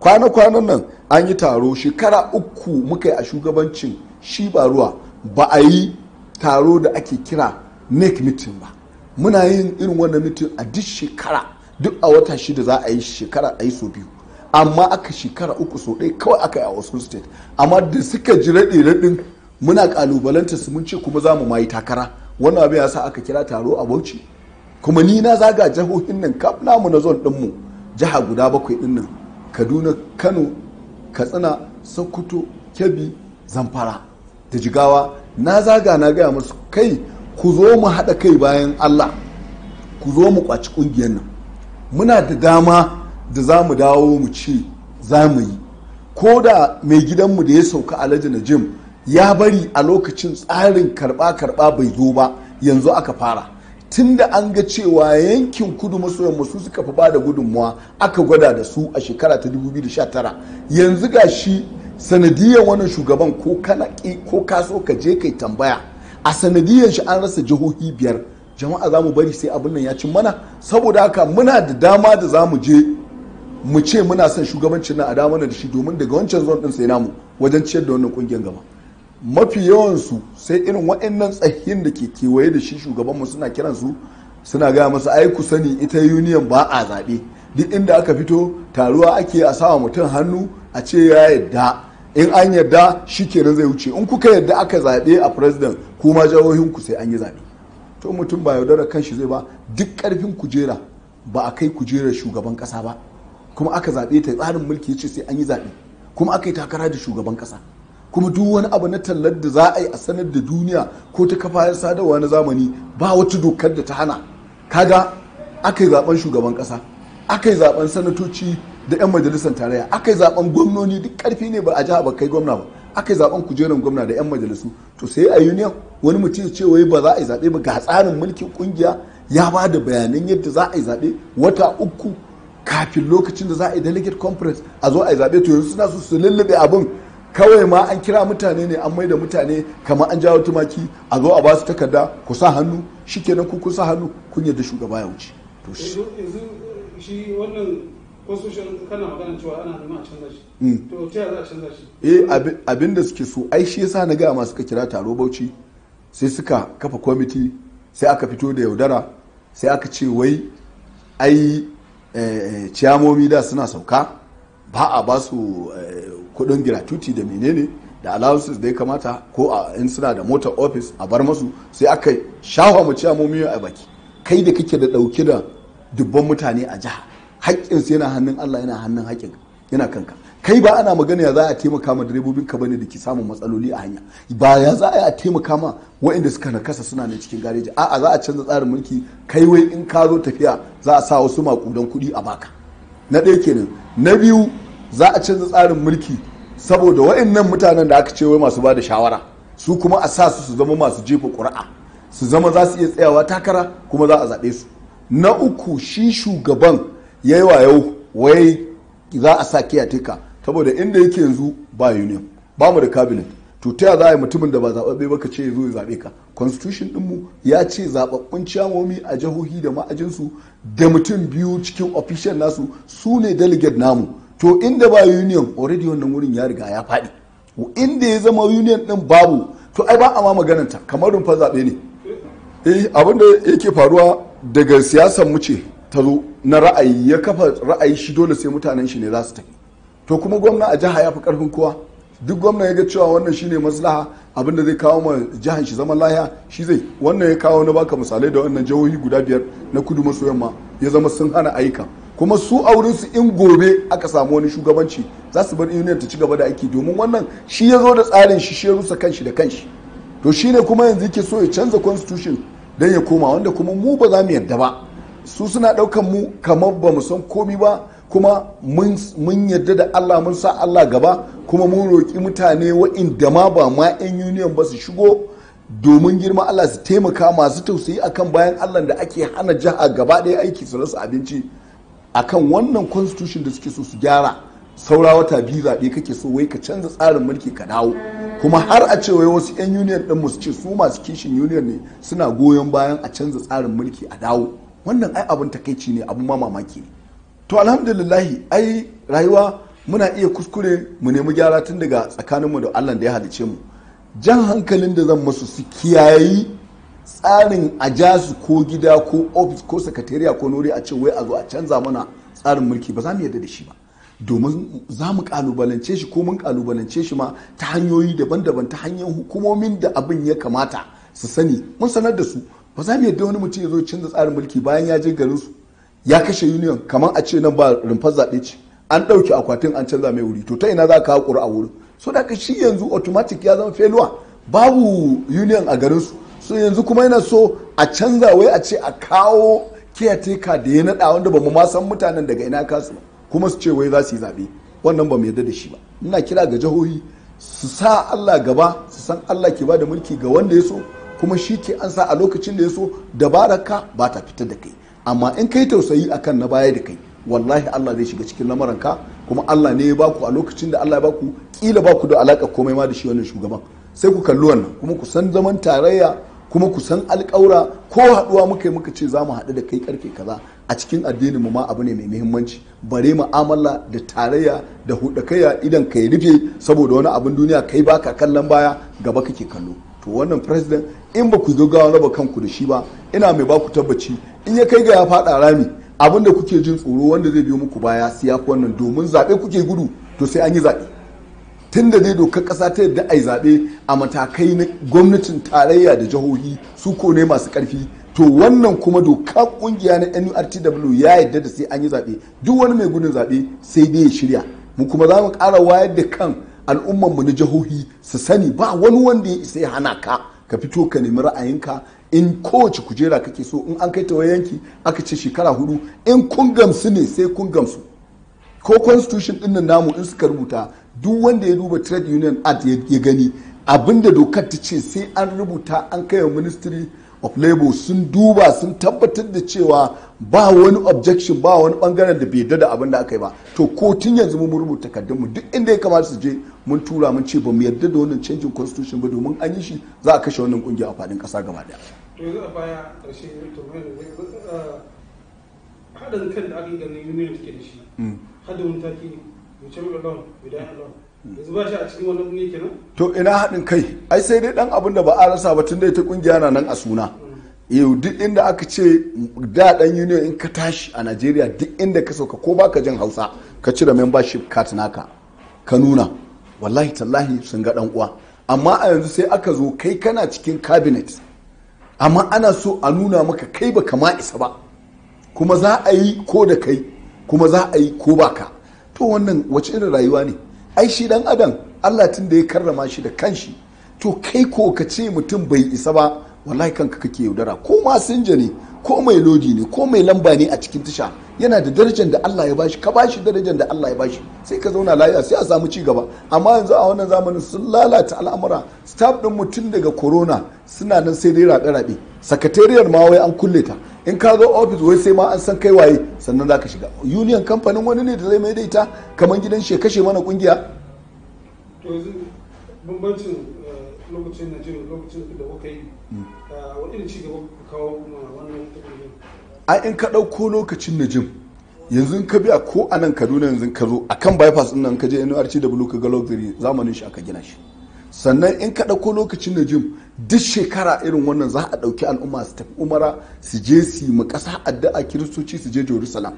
kwana-kwanan nan an yi taro shekara uku muka yi a shugabancin shi ba ruwa ba a yi taro da ake kira nec meeting ba muna yin irin wannan meeting a duk shekara duk a wata shida za a yi shekara a yi so biyu amma aka shekara uku so ɗaya kawai aka yi a wasu state amma da suka ji raɗe-raɗin muna ƙalubalanta su mun ce kuma za mu mayi takara wannan abin ya sa aka kira taro a bauchi kuma ni na zaga jihohin nan kaf namu na zon ɗinmu jiha guda bakwai ɗin nan kaduna kano katsina sokoto kebbi zamfara da jigawa na zaga na gaya musu kai ku zo mu haɗa kai bayan allah ku zo mu kwaci ƙungiyar nan muna da dama da za mu dawo mu ce za mu yi ko da mai gidanmu da ya sauka alhaji jim ya bari a lokacin tsarin karɓa-karɓa bai zo ba yanzu aka fara tunda an ga cewa yankin kudu maso yamma su suka fi bada gudunmuwa aka gwada da su a shekara ta 2019 yanzu ga shi sanadiyar wani shugaban ko kana ko kaso ka je kai tambaya a sanadiyar shi an rasa jihohi biyar jama'a za mu bari sai abin nan ya cin mana saboda haka muna da dama da za mu je mu ce muna son shugabancin nan a damana da shi domin daga wancan zon din sai namu wajen ciyar da wannan ƙungiyar gaba mafi yawansu sai irin waɗannan tsahin da ke kewaye da shi shugabanmu suna kiransu suna gaya masa ai ku sani ita union ba a zaɓe duk inda aka fito taruwa ake a sawa mutum hannu a ce ya yadda in an yadda shi kenan zai wuce in kuka yadda aka zaɓe a president kuma jihohinku sai an yi zaɓe to mutum ba yaudara kan shi zai ba duk karfin kujera ba a kai kujerar shugaban kasa ba kuma aka zaɓe ta tsarin mulki ya ce sai an yi zaɓe kuma aka yi takara da shugaban kasa. kuma duk wani abu na tallar da za a yi a sanar da duniya ko ta kafayar sadarwa na zamani ba wata dokar da ta hana kaga aka yi zaben shugaban kasa aka yi zaben sanatoci da 'yan majalisar tarayya aka yi zaben gwamnoni duk karfi ne ba a jiha ba kai gwamna ba aka yi zaben kujerar gwamna da 'yan majalisu to sai a yi wani mutum ya ce wai ba za a yi zaɓe ba ga tsarin mulkin kungiya ya ba da bayanan yadda za a yi zaɓe wata uku kafin lokacin da za a yi delegate conference a zo a yi zaɓe to yanzu suna so su lullube abin kawai ma an kira mutane ne an maida mutane kamar an jawo tumaki a zo a basu takarda ku sa hannu shikenan ku kun sa hannu kun yadda shugaba ya wuce to wannan constitution kana ana a canza shi mm. to ta za a canza shi eh abin da suke so ai shi yasa na ga masu suka kira taro Bauchi sai suka kafa kwamiti sai aka fito da yaudara sai aka ce wai ai eh, eh, ciyamomi da suna sauka ba a ba su eh, kudin gratuity da menene da allowances da ya kamata ko a in suna da motor office a bar masu sai aka shafa mu ciyamomi a baki kai da kake da dauke da dubban mutane a jiha su yana hannun Allah yana hannun haƙƙin yana kanka kai ba ana magana ya za a taimaka ma direbobin ka bane da ke samun matsaloli a hanya ba ya za a taimaka ma waɗanda suka nakasa suna ne cikin gareji a'a za a canza tsarin mulki kai wai in ka zo tafiya za a sa wasu makudan kuɗi a baka na ɗaya kenan na biyu za a canza tsarin mulki saboda waɗannan mutanen da aka ce wai masu ba da shawara su kuma a sa su su zama masu jefa ƙuri'a su zama za su iya tsayawa takara kuma za a zaɓe su na uku shi shugaban ya yi wayo wai za a sa kiyateka saboda inda yake yanzu ba union ba mu da cabinet to ta za a yi mutumin da ba zaɓaɓɓe ba ka ce ya zo ya zaɓe ka constitution ɗinmu ya ce zaɓaɓɓun ciyamomi a jihohi da ma'ajinsu da mutum biyu cikin official nasu su ne delegate namu to inda ba union already wannan wurin ya riga ya faɗi inda ya zama union ɗin babu to ai ba a ma magananta kamar rumfa zaɓe ne eh abin da yake faruwa daga siyasar mu ce ta zo na ra'ayi ya kafa ra'ayi shi dole sai mutanen shi ne za su tafi to kuma gwamna a jiha ya fi ƙarfin kowa duk gwamna ya ga cewa wannan shine maslaha abin da zai kawo ma jihar shi zaman lahiya shi zai wannan ya kawo na baka misalai da wannan jihohi guda biyar na kudu maso yamma ya zama sun hana ayyuka kuma su auren su in gobe aka samu wani shugabanci za su bar union ta ci gaba da aiki domin wannan shi ya zo da tsarin shi shi ya rusa kanshi da kanshi to shine kuma yanzu yake so ya canza constitution dan ya koma wanda kuma mu ba za mu yarda ba su suna daukan mu kamar ba mu san komi ba kuma mun yarda da Allah mun sa Allah gaba kuma mun roƙi mutane wa'inda ma ba ma 'yan union ba su shigo domin girma Allah su taimaka masu tausayi akan bayan Allah da ake hana jiha gaba ɗaya aiki su rasa abinci akan wannan constitution da suke so su gyara saura wata biyu zaɓe kake so wai ka canza tsarin mulki ka dawo kuma har a cewa wai wasu 'yan union ɗin su ce su masu kishin union ne suna goyon bayan a canza tsarin mulki a dawo wannan ai abin takaici ne abin ma mamaki ne to alhamdulillahi ai rayuwa muna iya kuskure mu nemi gyara tun daga tsakaninmu da allah da ya halice mu jan hankalin da zan masu su kiyayi tsarin a jasu ko gida ko ofis ko sakatariya ko nori a ce wai a zo a canza mana tsarin mulki ba za mu yarda da shi ba domin za mu kalubalance shi ko mun kalubalance shi ma ta hanyoyi daban-daban ta hanyar hukumomin da abin ya kamata su sani mun sanar da su ba za mu yarda wani mutum ya zo canza tsarin mulki bayan ya je garin su ya kashe union kamar a ce nan ba rumfar zaɓe ce an ɗauki akwatin an canza mai wuri to ta ina za ka haƙur a wurin so da shi yanzu automatic ya zama feluwa babu union a garin su so yanzu kuma yana so a canza wai a ce a kawo kiyateka da ya naɗa wanda ba mu ma san mutanen daga ina kasu kuma su ce wai za su yi zaɓe wannan ba mu yarda da shi ba ina kira ga jihohi su sa Allah gaba su san Allah ke ba da mulki ga wanda ya so kuma shi ke an sa a lokacin da ya so dabaraka ba ta fitar da kai amma in kai tausayi akan na baya da kai wallahi Allah zai shiga cikin ka kuma Allah ne ya baku a lokacin da Allah ya baku kila baku da alaka komai ma da shi wannan shugaban sai ku kalli wannan kuma ku san zaman tarayya kuma ku san alƙaura ko haɗuwa muka yi muka ce za mu haɗu da kai karfe kaza a cikin addinin mu ma abu ne mai muhimmanci bare mu'amala da tarayya da hudakaiya idan ka rufe saboda wani abin duniya kai baka kallon baya gaba kake kallo to wannan president in ba ku gaggawa raba kanku da shi ba ina mai ba ku tabbaci in ya kai ga ya fada rami abin da kuke jin tsoro wanda zai biyo muku baya sai ya wannan domin zaɓe kuke gudu to sai an yi zaɓe tun da zai dokar ƙasa ta yadda a yi zaɓe a matakai na gwamnatin tarayya da jihohi su ko ne masu ƙarfi to wannan kuma doka ƙungiya na nurtw ya yadda da sai an yi zaɓe duk wani mai gudun zaɓe sai dai ya shirya mu kuma za mu ƙara wayar da kan al'ummar mu na jihohi su sani ba wani wanda ya isa ya hana ka ka fito ka nemi ra'ayinka in kowace kujera kake so in an kai ta yanki aka ce shekara hudu in kun gamsu ne sai kun gamsu ko constitution din nan namu in suka rubuta duk wanda ya duba trade union act ya gani abinda dokar ta ce sai an rubuta an kai wa ministry of labor sun duba sun tabbatar da cewa ba wani objection ba wani bangaren da bai dada abin da aka yi ba to kotun yanzu mun rubuta takardunmu duk inda ya kamata su je mun tura mun ce ba mu yarda da wannan canjin constitution ba domin an yi shi za a kashe wannan kungiya a fadin kasa gaba daya to yanzu a baya karshe to haɗin kan da aka yi ganin union take da shi mm. haɗin taki ne mu ce mu guda to ina haɗin kai ai sai dai ɗan abin da ba a rasa ba tun da ita ƙungiya na nan a suna yau duk inda aka ce da ɗan union in ka tashi a najeriya duk inda ka sauka ko baka jin hausa ka cire membership card naka ka nuna wallahi tallahi sun ga ɗan uwa amma a yanzu sai aka zo kai kana cikin cabinet amma ana so a nuna maka kai baka ma isa ba kuma za a yi ko da kai kuma za a yi ko baka to wannan wace irin rayuwa ne ai shi dan adam Allah tun da ya karrama shi da kanshi to kai ko ka ce mutum bai isa ba wallahi kanka kake yaudara ko masinja ne ko mai lodi ne ko mai lamba ne a cikin tasha yana da darajar da Allah ya bashi ka bashi darajar da Allah ya bashi sai ka zauna lafiya sai a samu ci gaba amma yanzu a wannan zamanin sun lalata al'amura staff din mutum daga corona suna nan sai dai rabe rabe sakatariyar ma wai an kulle ta in ka zo office wai sai ma an san kai waye sannan zaka shiga union kamfanin wani ne da zai mai daita kamar gidan she kashe mana kungiya to yanzu bambancin lokacin najeriya lokacin da kuka yi mm. uh, ci gaba ku kawo wannan a in ka ɗauko lokacin najim yanzu ka biya ko a nan kaduna yanzu ka zo a kan bypass ɗin nan ka je nrc da ka ga luxury zamanin shi aka gina shi sannan in ka ɗauko lokacin na jim duk shekara irin wannan za a ɗauki al'umma su tafi umara su je su yi mu ƙasa addu'a kiristoci su je jerusalem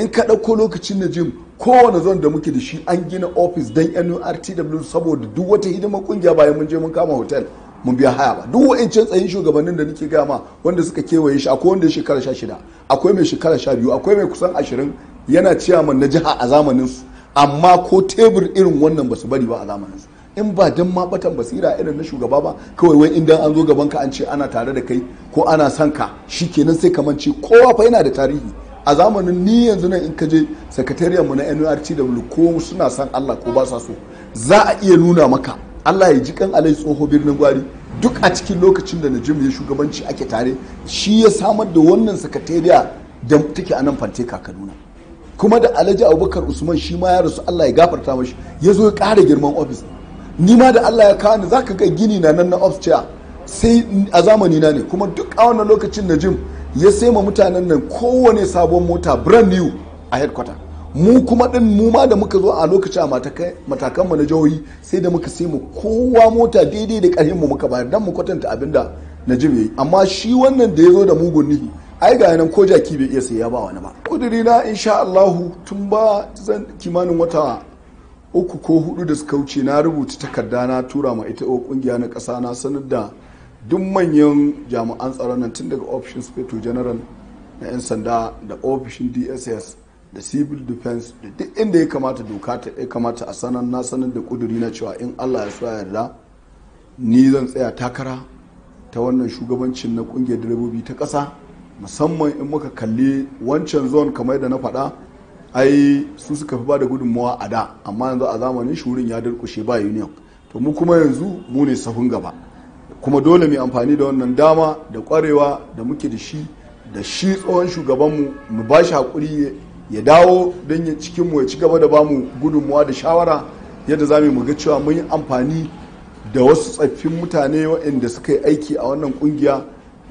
in ka ɗauko lokacin na jim kowane zon da muke da shi an gina ofis don nurtw saboda duk wata hidimar kungiya bayan mun je mun kama hotel mun biya haya ba duk wa'ancin tsayin shugabannin da nake gama wanda suka kewaye shi akwai wanda ya shekara sha shida akwai mai shekara sha biyu akwai mai kusan ashirin yana ciyaman na jiha a zamanin su amma ko tebur irin wannan ba su bari ba a zamanin su in ba don ma batan basira irin na shugaba ba kawai wai idan an zo gaban ka an ce ana tare da kai ko ana son ka kenan sai kamance kowa fa yana da tarihi a zamanin ni yanzu nan in ka je sakatariyar mu na NURTW ko suna san Allah ko ba sa so za a iya nuna maka Allah ya ji kan alai tsoho birnin gwari duk a cikin lokacin da Najim ya shugabanci ake tare shi ya samar da wannan sakatariya da take a nan fanteka Kaduna kuma da Alhaji Abubakar Usman shi ma ya rasu Allah ya gafarta mashi ya zo ya ƙara girman ofis ni ma da Allah ya kawo ni ka ga gini na nan na ofis sai a zamani na ne kuma duk a wannan lokacin Najim ya sai ma mutanen nan kowane sabon mota brand new a headquarter mu kuma din mu ma da muka zo a lokacin matakan mu na jihohi sai da muka sai mu kowa mota daidai da karhin mu muka bayar dan mu kwatanta abin da Najib yayi amma shi wannan da ya zo da mugun nihi ai ga nan ko jaki bai iya sai ba wani ba kudiri na insha Allah tun ba zan kimanin wata uku ko hudu da suka wuce na rubuta takarda na tura ma ita kungiya na kasa na sanar da duk manyan jami'an tsaron nan tun daga ofishin speto general na 'yan sanda da ofishin dss da civil defense da duk inda ya kamata doka ta ya kamata a sanar na sanar da kuduri na cewa in allah ya so ya yarda ni zan tsaya takara ta wannan shugabancin na kungiyar direbobi ta kasa musamman in muka kalli wancan zon kamar da na faɗa ai su suka fi ba da gudunmawa a da amma yanzu a zamanin shurin ya durkushe ba union to mu kuma yanzu mu ne sahun gaba kuma dole mu amfani da wannan dama da kwarewa da muke da shi da shi tsohon shugabanmu mu ba shi haƙuri ya dawo don ya cikinmu ya ci gaba da ba mu gudunmuwa da shawara yadda za mu ga cewa mun yi amfani da wasu tsaffin mutane waɗanda suka yi aiki a wannan ƙungiya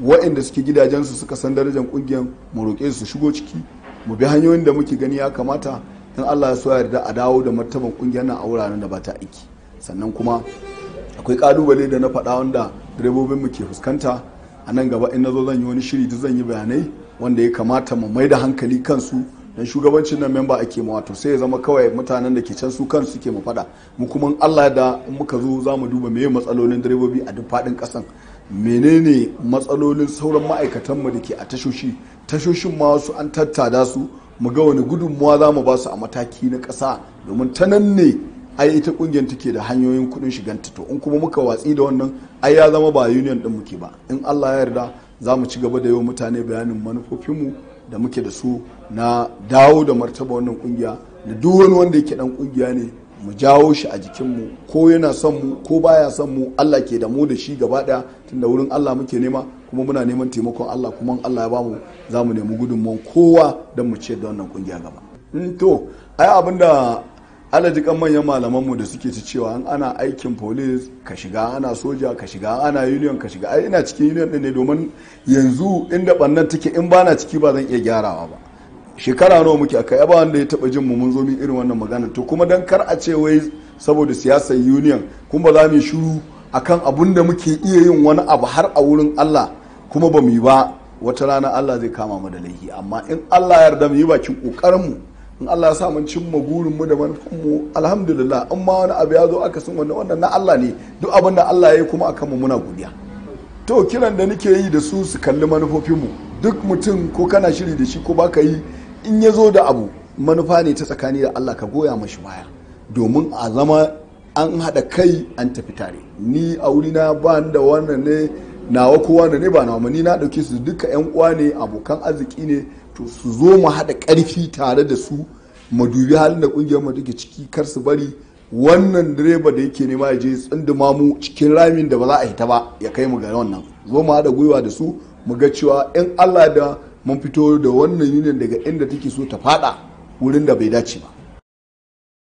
waɗanda suke gidajensu suka san darajar ƙungiyar mu roƙe su shigo ciki mu bi hanyoyin da muke gani ya kamata in allah ya so yarda a dawo da martaban ƙungiyar nan a wuraren da ba ta aiki sannan kuma akwai kalubale da na faɗa wanda direbobinmu ke fuskanta a nan gaba in na zo zan yi wani shiri duk zan yi bayanai wanda ya kamata mu mai da hankali kansu dan shugabancin nan memba ake mu wato sai ya zama kawai mutanen da ke can su kansu suke mu faɗa mu kuma Allah da in muka zo za mu duba meye matsalolin direbobi a duk faɗin ƙasan menene matsalolin sauran ma'aikatanmu da ke a tashoshi tashoshin ma wasu an tattada su mu ga wani gudunmuwa za mu ba su a mataki na kasa domin ta nan ne ai ita kungiyar take da hanyoyin kudin shiganta to in kuma muka watsi da wannan ai ya zama ba union din muke ba in Allah ya yarda za mu ci gaba da yau mutane bayanin manufofinmu da muke da su na dawo da martaba wannan kungiya da duk wani wanda yake dan kungiya ne mu jawo shi a jikinmu ko yana son mu ko baya son mu Allah ke da mu da shi gaba daya tunda wurin Allah muke nema kuma muna neman taimakon Allah kuma Allah ya bamu za mu nemi gudunmu kowa don mu ce da wannan kungiya gaba. Mm, to ai abinda alajikan manyan malamanmu da suke ci cewa ana aikin police ka shiga ana soja ka shiga ana union ka shiga ai ina cikin union din ne domin yanzu inda bannan take in bana ciki ba zan iya gyarawa ba shekara nawa muke aka yaba wanda ya taba jin mu mun zo min irin wannan magana to kuma dan kar a ce wai saboda siyasar union kun ba za mu shiru akan abun da muke iya yin wani abu har a wurin Allah kuma ba mu yi ba wata rana Allah zai kama mu da laifi amma in Allah ya yarda mu yi bakin kokarin mu in Allah ya sa mun cimma gurin mu da manufan mu alhamdulillah in ma wani abu ya zo aka sun wannan wannan na Allah ne duk abin da Allah ya yi kuma akan mu muna godiya to kiran da nake yi da su su kalli manufofinmu duk mutum ko kana shiri da shi ko baka yi in ya zo da abu manufa ne ta tsakani da Allah ka goya mashi baya domin a zama an haɗa kai an tafi tare ni a wurina ba da wannan ne nawa kowa ne ba nawa ni na ɗauke su duka yan uwa ne abokan arziki ne to su zo mu haɗa ƙarfi tare da su mu dubi halin da ƙungiyar mu take ciki kar su bari wannan direba da yake nema ya je tsinduma mu cikin ramin da ba za a hita ba ya kai mu ga wannan zo mu haɗa gwiwa da su mu ga cewa in Allah da mun fito da wannan union daga inda take so ta fada wurin da bai dace ba